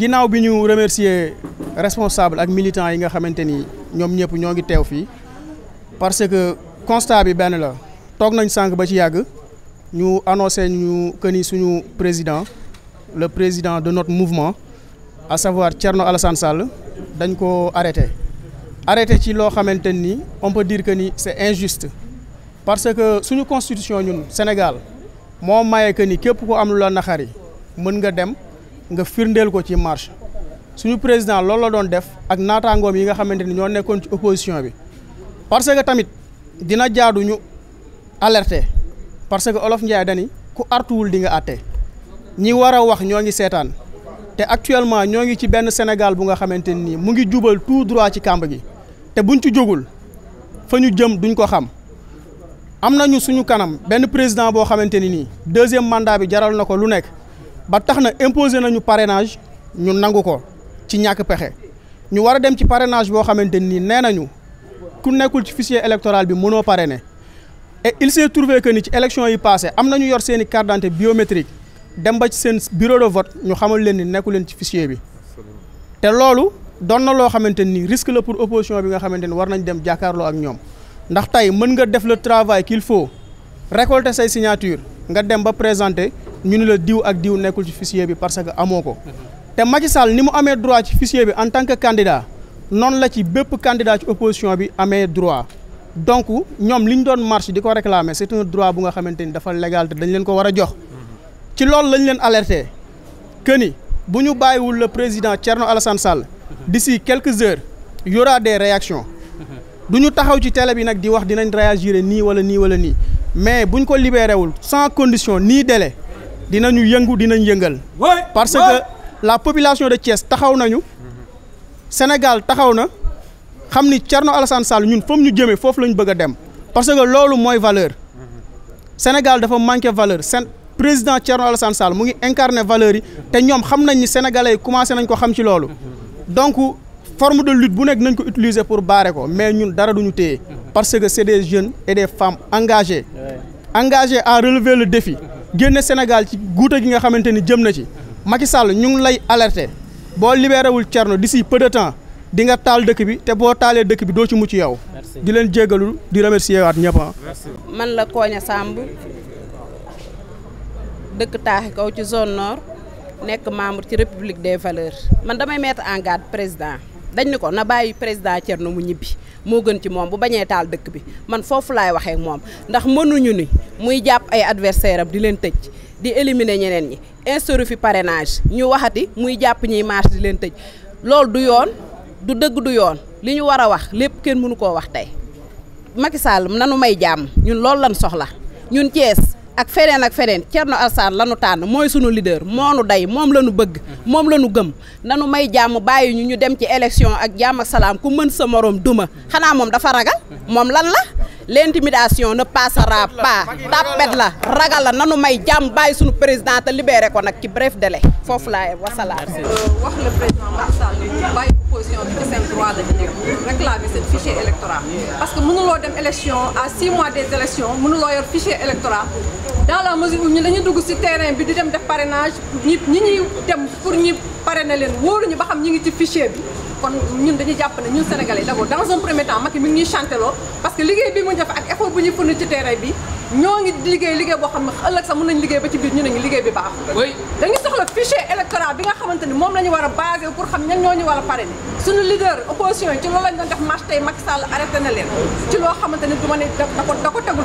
ginaaw bi ñu remercier responsable ak militants yi nga xamante ni ñoom ñëpp ñoo ngi teew parce que constat bi benn la toog nañ sànq ba ci yàgg ñu annoncé ñu que ni suñu président le président de notre mouvement à savoir Thierno Alassane Sall dañ ko arrêté arrêté ci loo xamante ni on peut dire que ni c'est injuste parce que suñu constitution ñun Sénégal moo maye que ni képp ku am lu la naxari mën nga dem. nga firndeel ko ci marche suñu président loolu la doon def ak naataangoom yi nga xamante ni ñoo nekkoon ci opposition bi parce que tamit dina jaadu ñu alerter parce que olof Ndiaye dani ku artuwul di nga atte ñi war a wax ñoo ngi seetaan te actuellement ñoo ngi ci benn Sénégal bu nga xamante ni mu ngi jubal tout droit ci kàmb gi te buñ ci jógul fa ñu jëm duñ ko xam am nañu suñu kanam benn président boo xamante ni nii deuxième mandat bi jaral na ko lu nekk. ba tax na imposé nañu parrainage ñu nangu ko ci ñàkk pexe ñu war a dem ci parenage boo xamante nii nee nañu ku nekkul ci fichier électoral bi mënoo parrainer et il s'est trouvé que ni ci élection yi passé am na ñu yor seeni i carte dem ba ci seen bureau de vote ñu xamal leen ni nekku leen ci fichier bi te loolu doon na loo xamante ni risque la pour opposition bi nga xamante ni war nañu dem jàkkaarloo ak ñoom ndax tey mën nga def la travail qu'il faut récolter say nga dem ba présenter ñu ni la diw ak diw nekkul ci fichier parce que Macky Sall droit ci en tant que candidat noonu la ci bépp candidat ci opposition bi amee droit donc ñoom liñ doon marche di réclamer c'est un droit bu nga dafa légal dañ leen ko jox alerté que ni le président Alassane Sall d'ici quelques heures il y aura des réactions taxaw ci télé bi di wax dinañ wala wala mais ko libéré wul sans condition ni délai dinañu yëngu dinañ yëngal. parce que la population de Thiès taxaw nañu. Sénégal taxaw na xamni ni Thierno Alassane Sall ñun fam ñu jëmee fofu lañ bëgg dem. parce que lolu moy valeur. Sénégal dafa manquer valeur sen président Thierno Alassane Sall mu ngi incarner valeur yi té ñom xam nañ ni sénégalais yi commencé nañ ko xam ci lolu donc forme de lutte bu nek nañ ko utiliser pour barrer ko mais ñun dara duñu téye. parce que c'est des jeunes et des femmes engagés. engagés à relever le défi. génne Sénégal ci guute gi nga xamante ni jëm na ci Macky Sall ñu lay alerter boo libéré wul Thierno d'ici peu de temps di nga taal dëkk bi te boo taalee dëkk bi doo ci mucc yow. di leen jégalu di remercier waat ñëpp ah. man la Koña Samb dëkk taaxi kaw ci zone nord nekk membre ci République des valeurs man damay mettre en garde président. dañ ni ko na bàyyi président Thierno mu ñibbi moo gën ci moom bu bañee taal dëkk bi man foofu laay waxee moom ndax mënuñu ni muy jàpp ay adversaire am di leen tëj di éliminer ñeneen ñi instauré fi parrainage ñu waxati muy jàpp ñiy marche di leen tëj loolu du yoon du dëgg du yoon li ñu war a wax lépp kenn mënu koo wax tey Macky Sall nanu may jàmm ñun loolu lan soxla ñun Thiès ak feneen ak feneen Thierno Alassane lanu tànn mooy sunu moo nu day moom la nu bëgg moom la nu gëm nanu may jàmm bàyyi ñu ñu dem ci élection ak jàmm ak salaam ku mën sa morom duma xanaa moom dafa ragal moom lan la l'intimidation ne passera pas tapet la ragala, la nanu may jàmm bàyyi suñu président te libéré ko nag ci bref délai foofu laay wasalaam. Euh, wax le président Macky Sall ñu bàyyi opposition bi droit la ñu réclamer ce fichier électoral parce que mënuloo dem élection à six mois des élections mënuloo yor fichier électoral dans la mesure où ñu dañu dugg ci terrain bi di dem def parrainage ñi ñi dem pour ñi parrainer leen wóoruñu ba xam ñi ngi ci fichier bi. kon ñun dañu jàpp ne ñun sénégalais d'abord dans un premier temps Macky mi ngi chanteloo parce que liggéey bi mu def ak effort bu ñuy fournir ci terrain bi ñoo ngi liggéey liggéey boo xam ne ëllëg sax mën nañu liggéey bi baax dañu soxla fichier électoral bi nga xamante moom la war a basé pour xam ñan ñoo ñu war a parrainer suñu leader opposition yi ci loolu lañ doon def marche tey Macky Sall na leen ci loo xamante ni ne da da ko tegul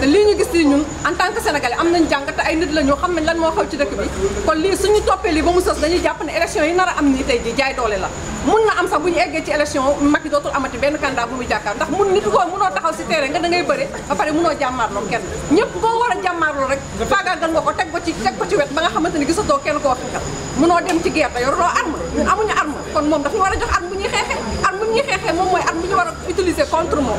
te lii ñu gis nii ñun en tant que sénégalais am nañ jàng te ay nit la ñoo xam ne lan moo xew ci dëkk bi kon lii suñu toppee lii ba mu sës dañuy jàpp ne élection yi nar a am nii tey jii jaay doole la mun na am sax bu ñu eggee ci élection Macky dootul amati benn candidat bu muy jàkkaar ndax mun nit koo munoo taxaw si terrain nga da bëre ba pare munoo jàmmaarloo kenn ñëpp boo war a jàmmaarloo rek faagaagal nga ko teg ko ci wet ba nga xamante ni gisatoo kenn koo xeexal munoo dem ci guerre yoruloo arme ñun ñu war a jox arme bu ñuy xeexee arme bu a utiliser contre moom